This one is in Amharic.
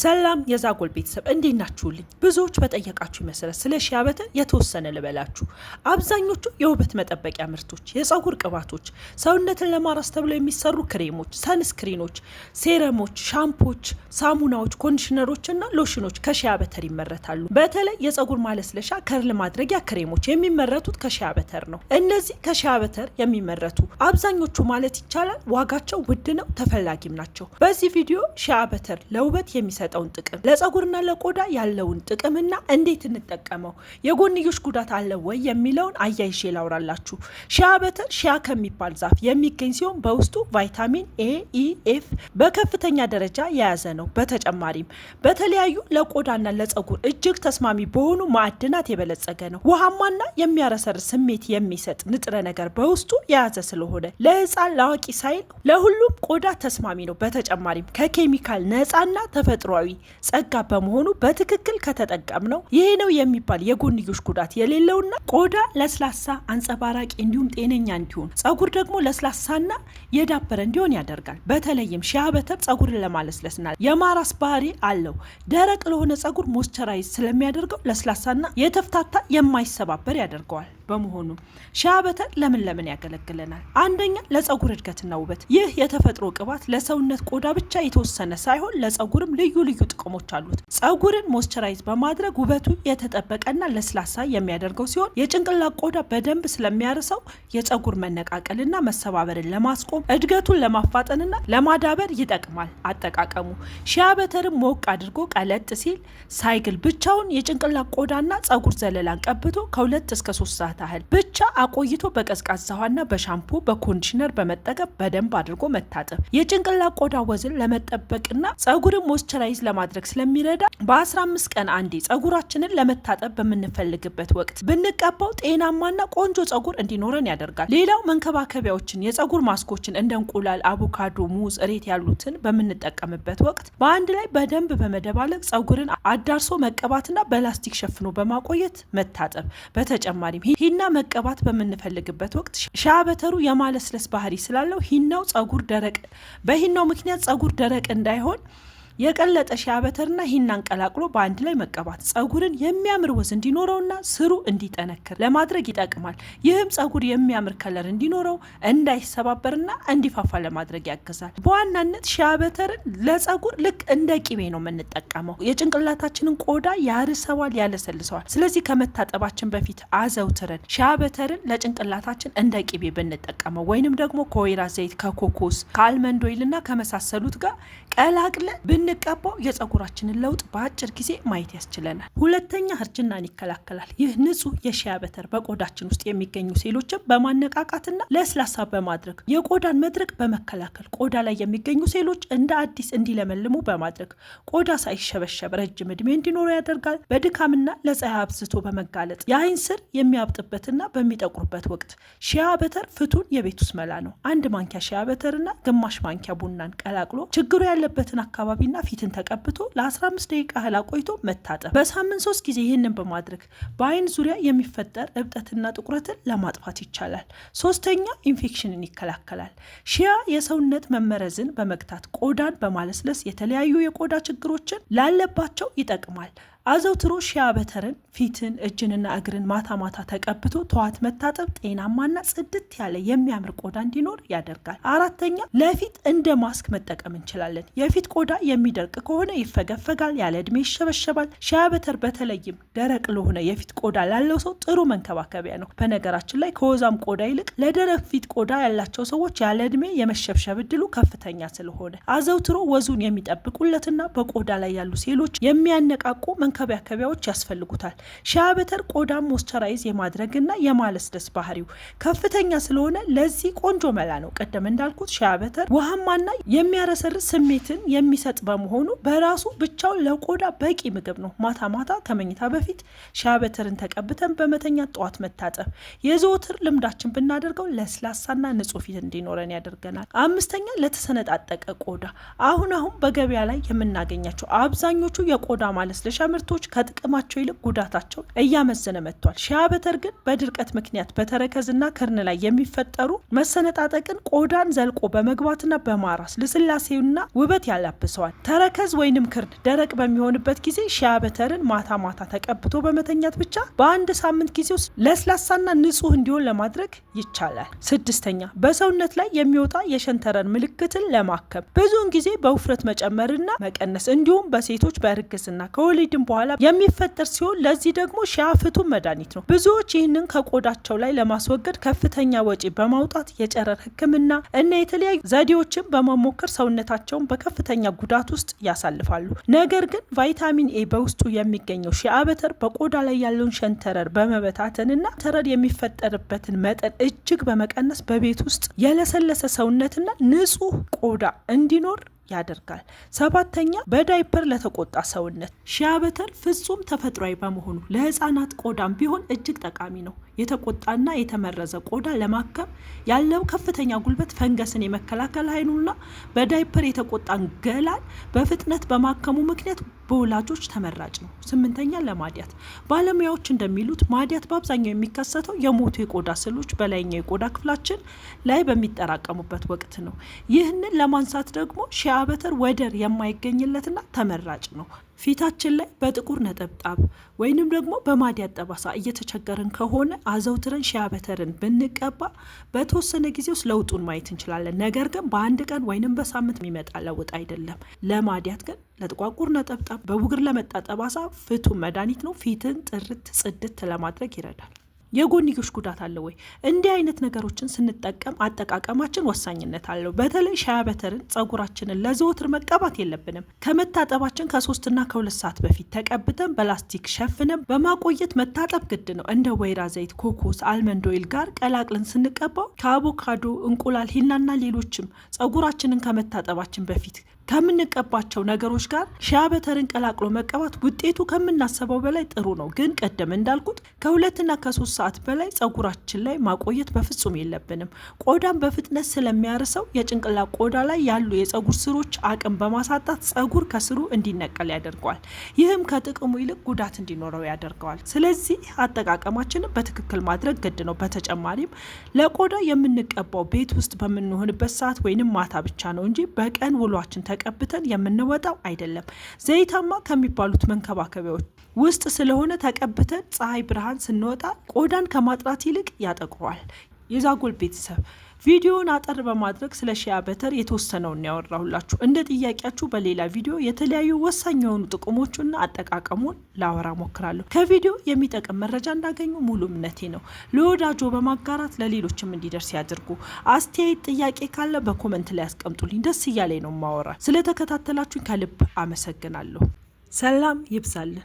ሰላም የዛጎል ቤተሰብ እንዴት ናችሁልኝ? ብዙዎች በጠየቃችሁ መሰረት ስለ ሺ አበተ የተወሰነ ልበላችሁ። አብዛኞቹ የውበት መጠበቂያ ምርቶች፣ የጸጉር ቅባቶች፣ ሰውነትን ለማራስ ተብለው የሚሰሩ ክሬሞች፣ ሰንስክሪኖች፣ ሴረሞች፣ ሻምፖች፣ ሳሙናዎች፣ ኮንዲሽነሮችና ሎሽኖች ከሺ አበተር ይመረታሉ። በተለይ የጸጉር ማለስለሻ ከርል ማድረጊያ ክሬሞች የሚመረቱት ከሺ አበተር ነው። እነዚህ ከሺ አበተር የሚመረቱ አብዛኞቹ ማለት ይቻላል ዋጋቸው ውድ ነው፣ ተፈላጊም ናቸው። በዚህ ቪዲዮ ሺ አበተር ለውበት የሚ የሚሰጠውን ጥቅም ለጸጉርና ለቆዳ ያለውን ጥቅምና እንዴት እንጠቀመው የጎንዮሽ ጉዳት አለ ወይ የሚለውን አያይሼ ላውራላችሁ። ሺያ በተር ሺያ ከሚባል ዛፍ የሚገኝ ሲሆን በውስጡ ቫይታሚን ኤ፣ ኢ፣ ኤፍ በከፍተኛ ደረጃ የያዘ ነው። በተጨማሪም በተለያዩ ለቆዳና ለጸጉር እጅግ ተስማሚ በሆኑ ማዕድናት የበለጸገ ነው። ውሃማና የሚያረሰር ስሜት የሚሰጥ ንጥረ ነገር በውስጡ የያዘ ስለሆነ ለህፃን ለአዋቂ ሳይል ለሁሉም ቆዳ ተስማሚ ነው። በተጨማሪም ከኬሚካል ነፃና ተፈጥሮ ተፈጥሯዊ ጸጋ በመሆኑ በትክክል ከተጠቀምነው ይሄ ነው የሚባል የጎንዮሽ ጉዳት የሌለውና ቆዳ ለስላሳ አንጸባራቂ፣ እንዲሁም ጤነኛ እንዲሆን ጸጉር ደግሞ ለስላሳና የዳበረ እንዲሆን ያደርጋል። በተለይም ሻበተብ ጸጉርን ለማለስለስና የማራስ ባህሪ አለው። ደረቅ ለሆነ ጸጉር ሞስቸራይዝ ስለሚያደርገው ለስላሳና የተፍታታ የማይሰባበር ያደርገዋል። በመሆኑ ሺአ በተር ለምን ለምን ያገለግለናል? አንደኛ ለጸጉር እድገትና ውበት። ይህ የተፈጥሮ ቅባት ለሰውነት ቆዳ ብቻ የተወሰነ ሳይሆን ለጸጉርም ልዩ ልዩ ጥቅሞች አሉት። ጸጉርን ሞስቸራይዝ በማድረግ ውበቱ የተጠበቀና ለስላሳ የሚያደርገው ሲሆን የጭንቅላት ቆዳ በደንብ ስለሚያርሰው የጸጉር መነቃቀልና መሰባበርን ለማስቆም እድገቱን ለማፋጠንና ለማዳበር ይጠቅማል። አጠቃቀሙ ሺአ ሞቅ አድርጎ ቀለጥ ሲል ሳይግል ብቻውን የጭንቅላት ቆዳና ጸጉር ዘለላን ቀብቶ ከሁለት እስከ ሶስት ሰዓት ያህል ብቻ አቆይቶ በቀዝቃዛ ውሃና በሻምፑ በኮንዲሽነር በመጠቀም በደንብ አድርጎ መታጠብ የጭንቅላት ቆዳ ወዝን ለመጠበቅና ጸጉርን ሞስቸራይዝ ለማድረግ ስለሚረዳ በ15 ቀን አንዴ ጸጉራችንን ለመታጠብ በምንፈልግበት ወቅት ብንቀባው ጤናማና ቆንጆ ጸጉር እንዲኖረን ያደርጋል። ሌላው መንከባከቢያዎችን የጸጉር ማስኮችን እንደ እንቁላል፣ አቮካዶ፣ ሙዝ፣ እሬት ያሉትን በምንጠቀምበት ወቅት በአንድ ላይ በደንብ በመደባለቅ ጸጉርን አዳርሶ መቀባትና በላስቲክ ሸፍኖ በማቆየት መታጠብ በተጨማሪም ሂና መቀባት በምንፈልግበት ወቅት ሻበተሩ የማለስለስ ባህሪ ስላለው ሂናው ጸጉር ደረቅ በሂናው ምክንያት ጸጉር ደረቅ እንዳይሆን የቀለጠ ሺያ በተርና ሂናን ቀላቅሎ በአንድ ላይ መቀባት ጸጉርን የሚያምር ወዝ እንዲኖረውና ስሩ እንዲጠነክር ለማድረግ ይጠቅማል። ይህም ጸጉር የሚያምር ከለር እንዲኖረው እንዳይሰባበርና እንዲፋፋ ለማድረግ ያግዛል። በዋናነት ሺያ በተርን ለጸጉር ልክ እንደ ቂቤ ነው የምንጠቀመው። የጭንቅላታችንን ቆዳ ያርሰዋል፣ ያለሰልሰዋል። ስለዚህ ከመታጠባችን በፊት አዘውትረን ሺያ በተርን ለጭንቅላታችን እንደ ቂቤ ብንጠቀመው ወይንም ደግሞ ከወይራ ዘይት ከኮኮስ ከአልመንድ ወይልና ከመሳሰሉት ጋር ቀላቅለን የምንቀባው የጸጉራችንን ለውጥ በአጭር ጊዜ ማየት ያስችለናል። ሁለተኛ እርጅናን ይከላከላል። ይህ ንጹህ የሺያ በተር በቆዳችን ውስጥ የሚገኙ ሴሎችን በማነቃቃትና ለስላሳ በማድረግ የቆዳን መድረቅ በመከላከል ቆዳ ላይ የሚገኙ ሴሎች እንደ አዲስ እንዲለመልሙ በማድረግ ቆዳ ሳይሸበሸብ ረጅም እድሜ እንዲኖሩ ያደርጋል። በድካምና ለፀሐይ አብዝቶ በመጋለጥ የአይን ስር የሚያብጥበትና በሚጠቁርበት ወቅት ሺያ በተር ፍቱን የቤት ውስጥ መላ ነው። አንድ ማንኪያ ሺያ በተርና ግማሽ ማንኪያ ቡናን ቀላቅሎ ችግሩ ያለበትን አካባቢ ቅቤና ፊትን ተቀብቶ ለ15 ደቂቃ ያህል አቆይቶ መታጠብ። በሳምንት ሶስት ጊዜ ይህንን በማድረግ በአይን ዙሪያ የሚፈጠር እብጠትና ጥቁረትን ለማጥፋት ይቻላል። ሶስተኛ ኢንፌክሽንን ይከላከላል። ሺያ የሰውነት መመረዝን በመግታት ቆዳን በማለስለስ የተለያዩ የቆዳ ችግሮችን ላለባቸው ይጠቅማል። አዘውትሮ ሺያ በተርን ፊትን እጅንና እግርን ማታ ማታ ተቀብቶ ተዋት መታጠብ ጤናማና ጽድት ያለ የሚያምር ቆዳ እንዲኖር ያደርጋል። አራተኛ ለፊት እንደ ማስክ መጠቀም እንችላለን። የፊት ቆዳ የሚደርቅ ከሆነ ይፈገፈጋል፣ ያለ እድሜ ይሸበሸባል። ሺያ በተር በተለይም ደረቅ ለሆነ የፊት ቆዳ ላለው ሰው ጥሩ መንከባከቢያ ነው። በነገራችን ላይ ከወዛም ቆዳ ይልቅ ለደረቅ ፊት ቆዳ ያላቸው ሰዎች ያለ እድሜ የመሸብሸብ እድሉ ከፍተኛ ስለሆነ አዘውትሮ ወዙን የሚጠብቁለትና በቆዳ ላይ ያሉ ሴሎች የሚያነቃቁ መንከባከቢያዎች ያስፈልጉታል። ሻያ በተር ቆዳን ሞይስቸራይዝ የማድረግና የማለስለስ ባህሪው ከፍተኛ ስለሆነ ለዚህ ቆንጆ መላ ነው። ቀደም እንዳልኩት ሻያ በተር ውሃማና የሚያረሰርስ ስሜትን የሚሰጥ በመሆኑ በራሱ ብቻው ለቆዳ በቂ ምግብ ነው። ማታ ማታ ከመኝታ በፊት ሻያ በተርን ተቀብተን በመተኛ ጠዋት መታጠብ የዘወትር ልምዳችን ብናደርገው ለስላሳና ንጹህ ፊት እንዲኖረን ያደርገናል። አምስተኛ ለተሰነጣጠቀ ቆዳ አሁን አሁን በገበያ ላይ የምናገኛቸው አብዛኞቹ የቆዳ ማለስለሻ ምርቶች ከጥቅማቸው ይልቅ ጉዳታቸው እያመዘነ መጥቷል። ሺያ በተር ግን በድርቀት ምክንያት በተረከዝና ክርን ላይ የሚፈጠሩ መሰነጣጠቅን ቆዳን ዘልቆ በመግባትና በማራስ ልስላሴና ውበት ያላብሰዋል። ተረከዝ ወይንም ክርን ደረቅ በሚሆንበት ጊዜ ሺያ በተርን ማታ ማታ ተቀብቶ በመተኛት ብቻ በአንድ ሳምንት ጊዜ ውስጥ ለስላሳና ንጹህ እንዲሆን ለማድረግ ይቻላል። ስድስተኛ በሰውነት ላይ የሚወጣ የሸንተረር ምልክትን ለማከም ብዙውን ጊዜ በውፍረት መጨመርና መቀነስ እንዲሁም በሴቶች በእርግዝና ከወሊድም በኋላ የሚፈጠር ሲሆን ለዚህ ደግሞ ሺአ ፍቱን መድኃኒት ነው። ብዙዎች ይህንን ከቆዳቸው ላይ ለማስወገድ ከፍተኛ ወጪ በማውጣት የጨረር ሕክምና እና የተለያዩ ዘዴዎችን በመሞከር ሰውነታቸውን በከፍተኛ ጉዳት ውስጥ ያሳልፋሉ። ነገር ግን ቫይታሚን ኤ በውስጡ የሚገኘው ሺአ በተር በቆዳ ላይ ያለውን ሸንተረር በመበታተንና ተረር የሚፈጠርበትን መጠን እጅግ በመቀነስ በቤት ውስጥ የለሰለሰ ሰውነትና ንጹህ ቆዳ እንዲኖር ያደርጋል። ሰባተኛ በዳይፐር ለተቆጣ ሰውነት ሺያ በተር ፍጹም ተፈጥሯዊ በመሆኑ ለህፃናት ቆዳም ቢሆን እጅግ ጠቃሚ ነው። የተቆጣና የተመረዘ ቆዳ ለማከም ያለው ከፍተኛ ጉልበት ፈንገስን የመከላከል ኃይሉና በዳይፐር የተቆጣን ገላን በፍጥነት በማከሙ ምክንያት በወላጆች ተመራጭ ነው። ስምንተኛ ለማዲያት ባለሙያዎች እንደሚሉት ማዲያት በአብዛኛው የሚከሰተው የሞቱ የቆዳ ስሎች በላይኛው የቆዳ ክፍላችን ላይ በሚጠራቀሙበት ወቅት ነው። ይህንን ለማንሳት ደግሞ ሺአ በተር ወደር የማይገኝለትና ተመራጭ ነው። ፊታችን ላይ በጥቁር ነጠብጣብ ወይንም ደግሞ በማድያት ጠባሳ እየተቸገርን ከሆነ አዘውትረን ሺያበተርን ብንቀባ በተወሰነ ጊዜ ውስጥ ለውጡን ማየት እንችላለን። ነገር ግን በአንድ ቀን ወይንም በሳምንት የሚመጣ ለውጥ አይደለም። ለማዲያት ግን ለጥቋቁር ነጠብጣብ፣ በቡግር ለመጣ ጠባሳ ፍቱን መድኃኒት ነው። ፊትን ጥርት ጽድት ለማድረግ ይረዳል። የጎንዮሽ ጉዳት አለው ወይ? እንዲህ አይነት ነገሮችን ስንጠቀም አጠቃቀማችን ወሳኝነት አለው። በተለይ ሻያ በተርን ጸጉራችንን ለዘወትር መቀባት የለብንም። ከመታጠባችን ከሶስትና ከሁለት ሰዓት በፊት ተቀብተን በላስቲክ ሸፍነን በማቆየት መታጠብ ግድ ነው። እንደ ወይራ ዘይት፣ ኮኮስ፣ አልመንድ ኦይል ጋር ቀላቅለን ስንቀባው ከአቮካዶ፣ እንቁላል፣ ሂናና ሌሎችም ጸጉራችንን ከመታጠባችን በፊት ከምንቀባቸው ነገሮች ጋር ሻ በተርን ቀላቅሎ መቀባት ውጤቱ ከምናስበው በላይ ጥሩ ነው። ግን ቀደም እንዳልኩት ከሁለትና ከሶስት ሰዓት በላይ ጸጉራችን ላይ ማቆየት በፍጹም የለብንም። ቆዳን በፍጥነት ስለሚያርሰው የጭንቅላት ቆዳ ላይ ያሉ የጸጉር ስሮች አቅም በማሳጣት ጸጉር ከስሩ እንዲነቀል ያደርገዋል። ይህም ከጥቅሙ ይልቅ ጉዳት እንዲኖረው ያደርገዋል። ስለዚህ አጠቃቀማችንን በትክክል ማድረግ ግድ ነው። በተጨማሪም ለቆዳ የምንቀባው ቤት ውስጥ በምንሆንበት ሰዓት ወይንም ማታ ብቻ ነው እንጂ በቀን ውሏችን ተቀብተን የምንወጣው አይደለም። ዘይታማ ከሚባሉት መንከባከቢያዎች ውስጥ ስለሆነ ተቀብተን ፀሐይ ብርሃን ስንወጣ ቆዳን ከማጥራት ይልቅ ያጠቁሯል። የዛጎል ቤተሰብ ቪዲዮውን አጠር በማድረግ ስለ ሺያ በተር የተወሰነውን ያወራሁላችሁ። እንደ ጥያቄያችሁ በሌላ ቪዲዮ የተለያዩ ወሳኝ የሆኑ ጥቅሞቹና አጠቃቀሙን ላወራ ሞክራለሁ። ከቪዲዮ የሚጠቅም መረጃ እንዳገኙ ሙሉ እምነቴ ነው። ለወዳጆ በማጋራት ለሌሎችም እንዲደርስ ያድርጉ። አስተያየት፣ ጥያቄ ካለ በኮመንት ላይ ያስቀምጡልኝ። ደስ እያለኝ ነው ማወራ። ስለተከታተላችሁኝ ከልብ አመሰግናለሁ። ሰላም ይብዛልን።